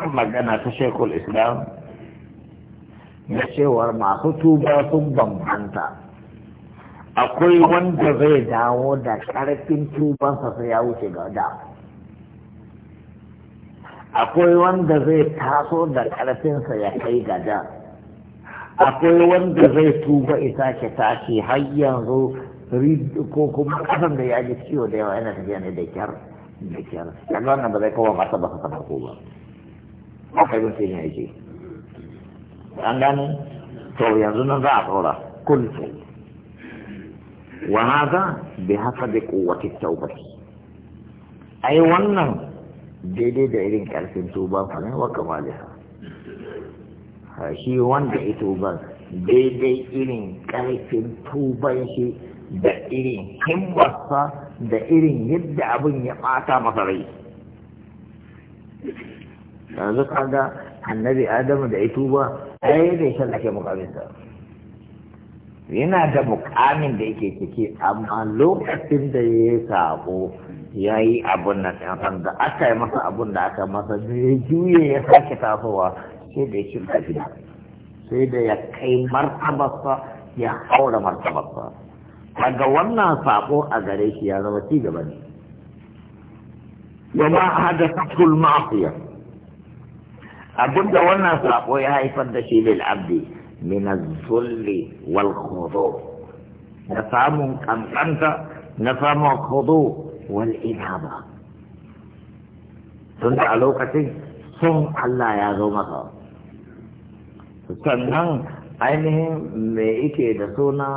magana ta shekul islam da cewar masu tuba sun bambanta akwai wanda zai dawo da ƙarfin tubansa sai ya wuce ga da akwai wanda zai taso da ƙarfinsa ya kai ga da akwai wanda zai tuba isa ke tashi har yanzu ko kuma kasan da ya ji ciwo da yawa yana tafiya ne da kyar da kyar kaga wannan ba zai kawo masa ba ka ko ba haka mutum ya ce an gani to yanzu nan za a tsora kuntu wa hada bi hasabi kowace tawbati ai wannan daidai da irin karfin tuban fa ne wa kamaliha shi wanda ya tuban daidai irin karfin tuban shi da irin himmarsa da irin yadda abin ya ɓata masa rai yanzu kaga annabi adamu da ito ba ai da yana da mukamin da yake ciki amma lokacin da ya yi sabo ya yi abun nan ɗan da aka yi masa abun da aka masa da ya juye ya sake tasowa sai da ya ci lafiya sai da ya kai martabarsa ya haura martabarsa daga wannan sabo a gare shi ya zama ci gaba ne. Yama hada sakul ma'afiya. abinda wannan sako ya haifar da shi lil abdi min az-zulli wal khudu na samun kankanta na samun khudu wal inaba tun a lokacin sun Allah ya zo maka sannan ainihin me yake da suna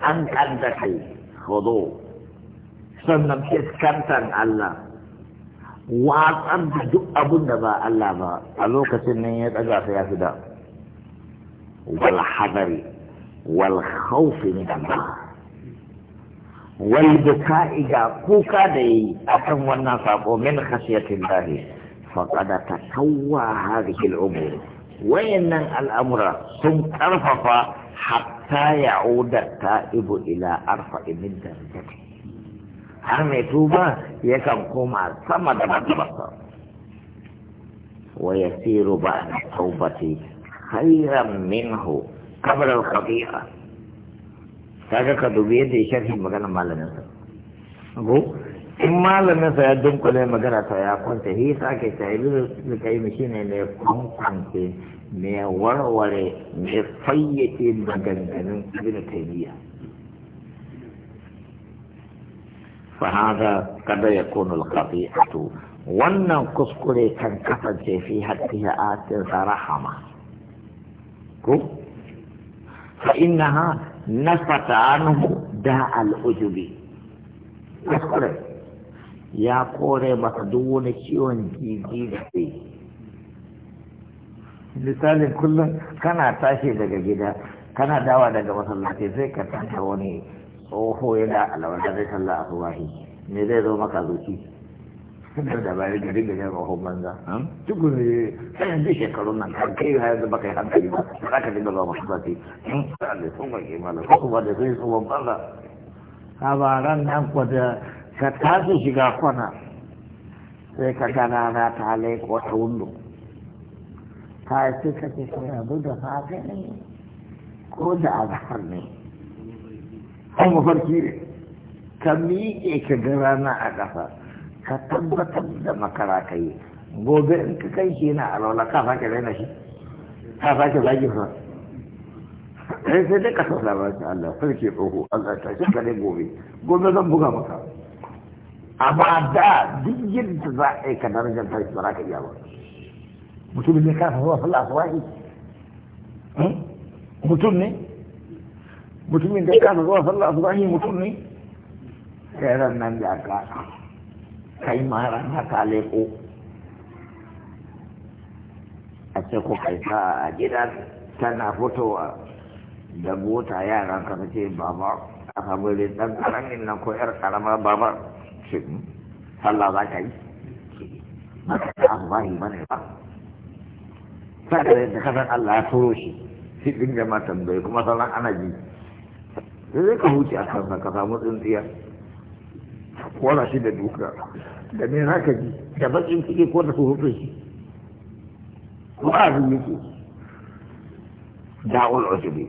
an kanta kai khudu sannan fiskantar Allah watsar da duk abin da ba Allah ba a lokacin nan ya ɗaga sai ya fi da wal hadari wal khawfi min Allah wal buka'i ga kuka da yi akan wannan sako min khashiyatin lahi faqad tatawwa hadhihi al umur wayannan al'amura sun karfafa hatta ya'uda ta'ibu ila arfa'i min darajatihi har mai tuba ya kan koma sama da martabarsa wa siru ba taubati hairan minhu qabl al khati'a kaga ka dubi yadda ya shafi magana malamin sa go in malamin sa ya dunkule magana ta ya kwanta shi sake ta yi da kai mu shine ne kwankwanke ne warware ne fayyace maganganun ibn taymiyyah فهذا قد يكون القطيعة wannan kuskure kan kasance fi haƙƙiya a cinsa rahama ko fa inna ha nasata anhu da al'ujubi kuskure ya kore masa duk wani ciwon jiji da misalin kullum kana tashi daga gida kana dawa daga masallaci sai ka tanta wani tsoho yana alawar da zai sallah a subahi ne zai zo maka zuci da da bayan gari da ya rohon banza tuku ne sai yanzu shekarun nan kan kai har yanzu baka yi hankali ba za ka dinga zuwa masu zafi in fara da sun bage mala ko kuma da su sai tsohon banza labaran nan ko da ka tafi shiga kwana sai ka gana na ta laiko ta wundo ta ce kake kuma abu da safe ne ko da azhar ne an mafarki ne ka miƙe ka ga rana a ƙasa ka tabbatar da makara ka yi gobe in ka kai shi na alwala ka sake raina shi ka sake zagi fa sai sai dai ka sa labarin Allah sarki tsoho Allah ta shi kare gobe gobe zan buga maka amma da duk yadda za a yi ka darajar ta ba za ka iya ba hmm? mutum ne ka sa wa sallah aswahi mutum ne mutumin da ya kana zuwa sallah asubahi mutum ne sai ran nan da ka kai ma ran kale leko a ce ko kai ka a gida tana fitowa da mota yaran ka ce baba a samu da dan karamin nan ko yar karama baba ce hmm, sallah za ka yi ba ka ba ne ba sai da kasan Allah ya turo shi shi dinga ma tambaye kuma sallan ana ji zai ka huce a kan ka samu tsintsiya kora shi da duka da me za ka ji da bakin kike ko da surutu shi ko a yake da'ul ujubi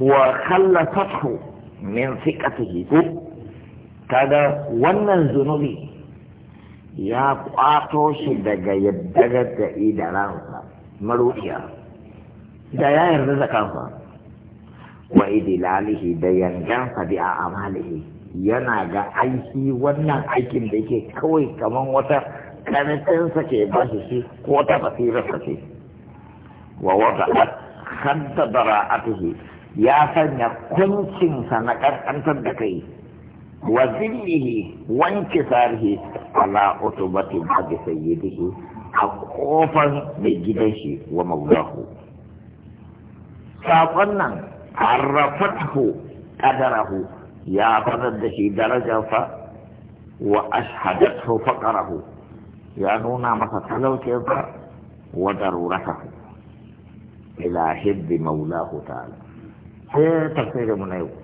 wa khallasathu min thiqatihi ko kaga wannan zunubi ya kwato shi daga yadda da idaransa maruɗiya da ya yarda da kansa wa idilalihi da yangansa bi a amalihi yana ga aiki wannan aikin da yake kawai kamar wata karatunsa ke ba shi shi ko wata basirarsa ce wa wata hadda ya sanya kuncinsa na karkantar da kai wa zillihi wanke sarihi ala utubati ba sayyidihi a kofar mai gidan shi wa maulahu saƙon nan عرفته قدره يا بدر شي درجة ف وأشهدته فقره يا نونا مثلا وضرورته إلى حب مولاه تعالى هي تفسير من أيوه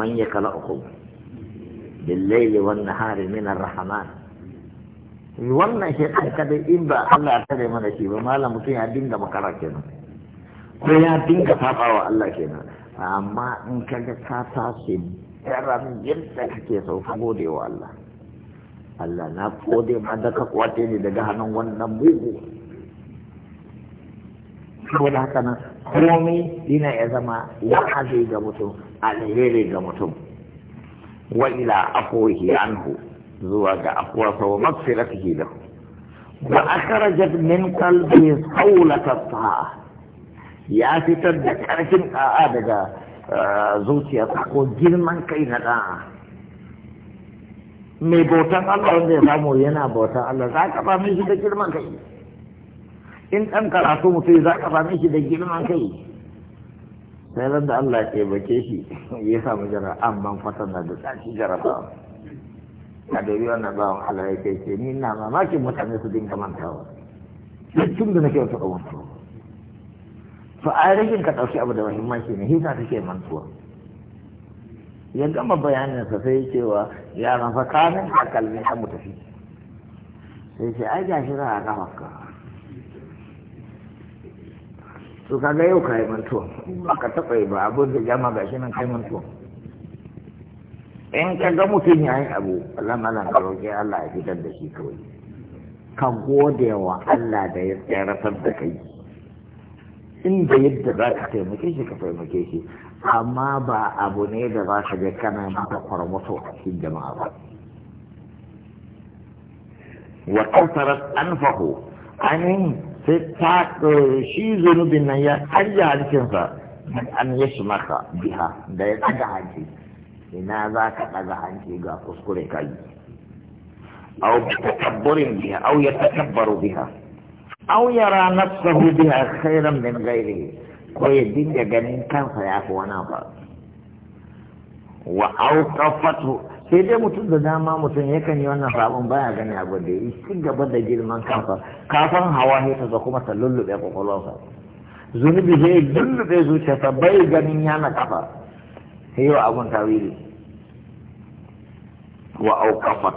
من يقلأكم بالليل والنهار من الرحمن wannan shi kai kada in ba Allah ya tare mana shi ba malam mutum ya da makara kenan ko ya dinga wa Allah kenan amma in ga ka tashi daren yadda kake sau ka gode wa Allah Allah na gode ma da ka kwace ni daga hannun wannan bugu saboda haka nan komai yana ya zama ya haɗe ga mutum alheri ga mutum wa ila akwai anhu zuwa ga mafi rafi magfiratihi lahu wa akhrajat min kalbi saulata ta'a ya fitar da ƙarfin ɗa'a daga zuciyarsa ko girman kai na ɗa'a mai bautan Allah wanda ya samu yana bautan Allah za ka fami shi da girman kai in ɗan karatu mutum za ka fami shi da girman kai sai ran da Allah ke bake shi ya samu jara amman na da tsaki ba ka dori wannan bawan Allah ya kai ce ni na mamakin mutane su dinga mantawa tun da nake wata ƙawantawa to a rikin ka ɗauki abu da muhimmanci ne hisa ke mantuwa ya gama bayaninsa sai cewa yaran fa kamin takalmi ta mu tafi sai ce ai gashi za a gama ka to kaga yau ka yi mantuwa ba ka taɓa yi ba abin da jama shi nan kai mantuwa in ka ga mutum ya yi abu lamarin ka roƙi Allah ya fitar da shi kawai ka gode wa Allah da ya tsaratar da kai inda yadda za ka taimake shi ka taimake shi amma ba abu ne da za ka je kana mata kwarmato a cikin jama'a ba wa kasarar anfahu anin sai ta shi zunubin nan ya karya hancinsa an yi shi maka biha da ya ɗaga hanci ina za ka ɗaga hanci ga kuskure kai أو يتكبر بها أو يتكبر بها aw yara nafsahu biha khairan min ko ya dinga ganin kansa ya fi wani ba wa kafatu sai dai mutum da dama mutum ya kan yi wannan sabon baya gani abu da ya ci gaba da girman kansa kafin hawa hita da kuma ta lullube kwakwalwarsa zunubi zai lullube zuciyarsa bai ganin yana kafa sai yau abun tawili wa na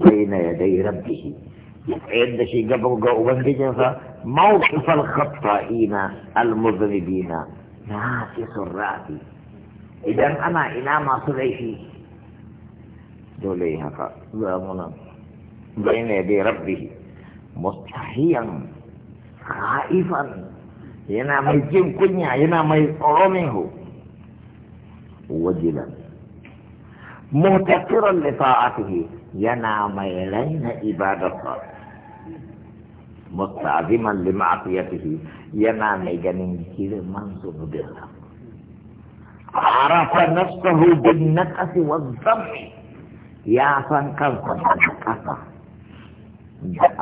bayna yaday rabbihi عند شيء قبل قوة وبندجن فموقف الخطائين المذنبين ناس سراتي إذا أنا إلى ما صلي فيه دوليها فظامنا بين يدي ربه مستحيا خائفا ينا ما يجيب كنيا ينا ما يقرمه وجلا مهتكرا لطاعته ينام ما يلين عباد الصالح مستعظما لمعصيته ينا كيل كلمان ذنوبها عرف نفسه بالنقص والذم يا سان كان كفا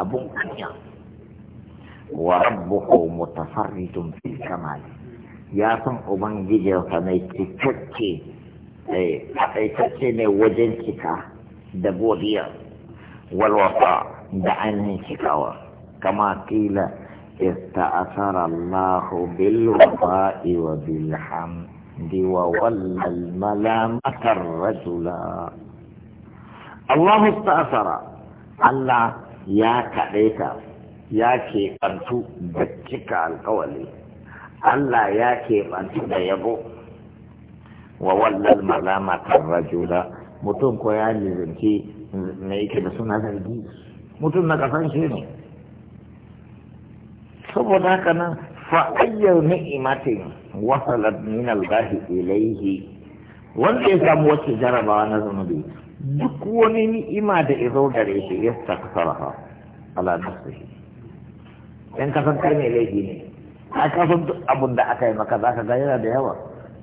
أبو كنيا وربه متفرج في الكمال يا سان أبن جيجي وكاني تكتكي إيه، تكتكي وجن كتا دبوديا والوفاء دعاني شكاوه كما قيل استأثر الله بالوفاء وبالحمد وولى الملامة الرجلا الله استأثر الله يا كريتا يا كي أنتو بتشك القولي الله يا كي أنتو يبو وولى الملامة الرجلا متون كويان ya lizinci na yake da suna zargi saboda haka nan fa'ayyar ni'imatin wasalat min al-gahi ilayhi wanda ya samu wacce jarabawa na zunubi duk wani ni'ima da zo gare shi ya saraha ala nafsihi in ka san kai mai laifi ne a ka san duk abin da aka yi maka za ka ga yana da yawa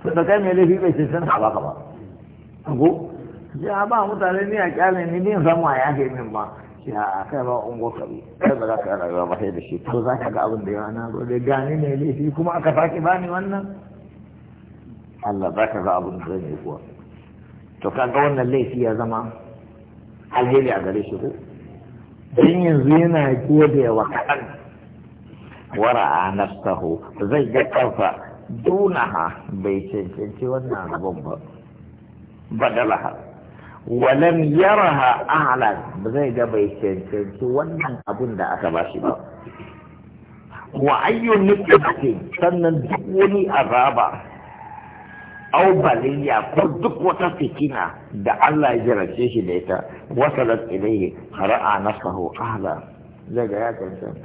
sun da kai mai laifi bai shi san haɓa ka ba ko ya ba mutane ni a kyale ni bin samu a ya ke min ba ce a kai ba ungo kari kai ba za ka rayuwa ba sai da shi to za ka ga abin da yawa na gobe gani ne laifi kuma aka sake bani wannan Allah za ka ga abin da zai kuwa to ka ga wannan laifi ya zama alheri a gare shi ko don yanzu yana gode wa kaɗan a nafsahu zai ga ƙarfa dunaha bai cancanci wannan abin ba badalaha walam yaraha ahlan ba zai ga bai cancanci wannan abun da aka ba shi ba wa ayyun nufiyatin sannan duk wani azaba au baliya ko duk wata fitina da Allah ya jarace shi da ita wasalat ilayhi qara'a nafsahu ahla zai ga ya cancanta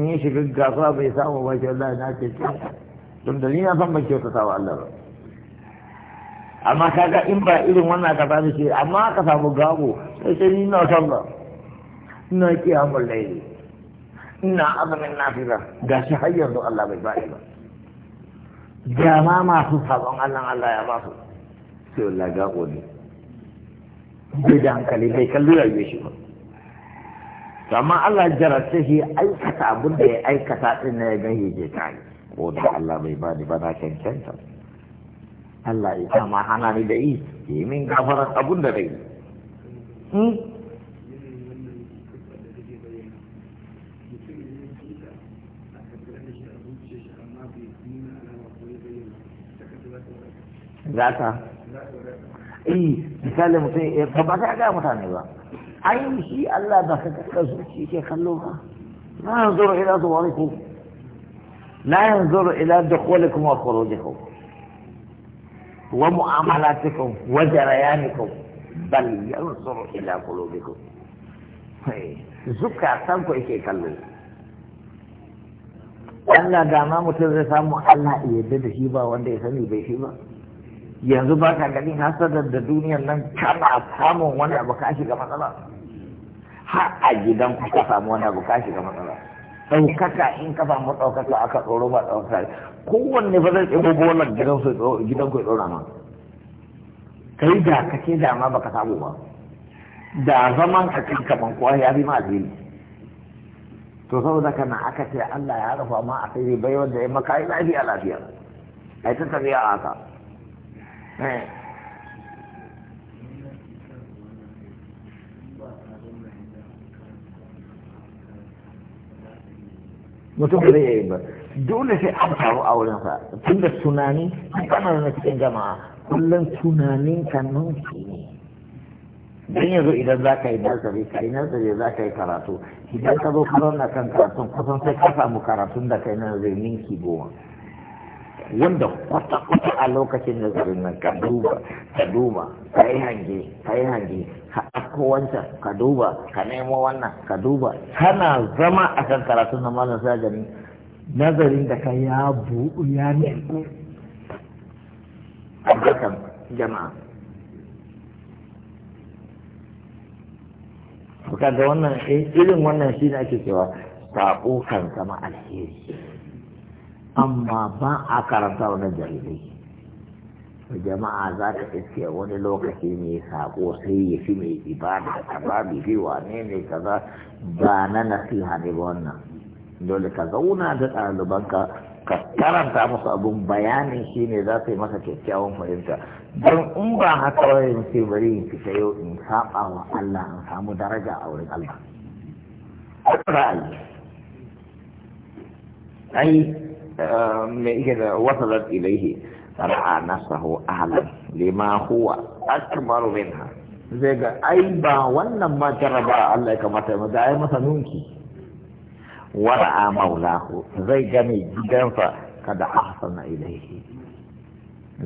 ni shi shiga gasa bai samu ba shi Allah na ce tun da ni na san ban kyautata wa Allah ba amma kaga in ba irin wannan ka samu ce amma ka samu gago sai sai ni na sallah ina kiyamul layli ina azumin nafira ga shi har yanzu Allah bai ba ba ga ma su sabon Allah Allah ya ba su sai Allah gago ne bai da hankali bai kallo ya yi shi ba amma Allah jarabta shi aikata abin da ya aikata din na ya gani je kai ko da Allah bai ba ni ba na cancanta Allah ya sa ma ni da yi ke min gafarar abun da dai hmm? za ta eh misali mutum ya ba ta ga mutane ba ai shi Allah ba ka kaka zuci ke kallo ba la yanzuru ila zuwarikum la yanzuru ila dukhulakum wa khurujikum ومعاملاتكم وجريانكم بل ينظر إلى قلوبكم زكاة سنكو إيكي كالو Allah da ma mutum zai samu Allah iya da shi ba wanda ya sani bai shi ba yanzu ba ka gani hasadar da duniyar nan kana samun wani abu ka shiga matsala har a gidan ku ka samu wani abu ka shiga matsala ɗaukaka in ka samu ɗaukaka aka tsoro ba ɗaukaka kowanne ba zai tsoro bolan gidan su gidan ku tsora ma kai da kake da ma baka samu ba da zaman ka kai ban kuwa ya bi ma alheri to saboda kana aka ce Allah ya rufa ma a sai bai wanda ya maka lafiya lafiya ai ta tafiya a haka eh. mutum zai yi ba dole sai an samu a fa. tun da tunani an kana na cikin jama'a kullum tunanin ka nunki ne dan yanzu idan za ka yi nazari ka yi nazari za ka yi karatu idan ka zo karon na kan karatu, kusan sai ka samu karatun da kai zai ninki goma wanda kwata-kwata a lokacin nazarin nan ka duba ka duba ka yi hange ka yi hange ka ɗauko wancan ka duba ka nemo wannan ka duba kana zama a kan karatun na malam sajani nazarin da ka ya buɗu ya nemo a jama'a da wannan eh, irin wannan shi ne ake cewa saƙo kan zama alheri amma ba a karanta wani jahilai jama'a za ka iske wani lokaci ne sako sai ya fi mai ibada ka ba bi wane ne kaza ba na nasiha ne ba wannan dole ka zauna da ɗaliban ka karanta musu abun bayanin shi ne za su yi masa kyakkyawan fahimta don in ba haka wani sai bari in fita yau in saba wa Allah in samu daraja a wurin Allah. Ai, mai eh, ike da wasalar ilaihi ra'a nasahu ahlan lima huwa akmaru minha zai ga ai ba wannan ma ba Allah ya kamata mu da ai masa nunki wara'a maulahu zai ga gidansa kada ahsana ilaihi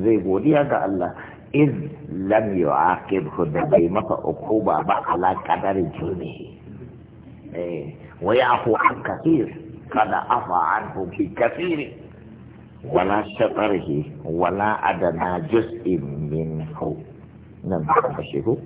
zai godiya ga Allah iz lam yu'aqibhu da bai masa ukuba ba ala qadari jurmihi eh wa ya'fu an kathir kada afa anhu bi kathiri wala shatarhi wala adana juz'in minhu nan ba shi ko